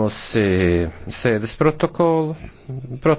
Mūsu sēdes protokolu. Prot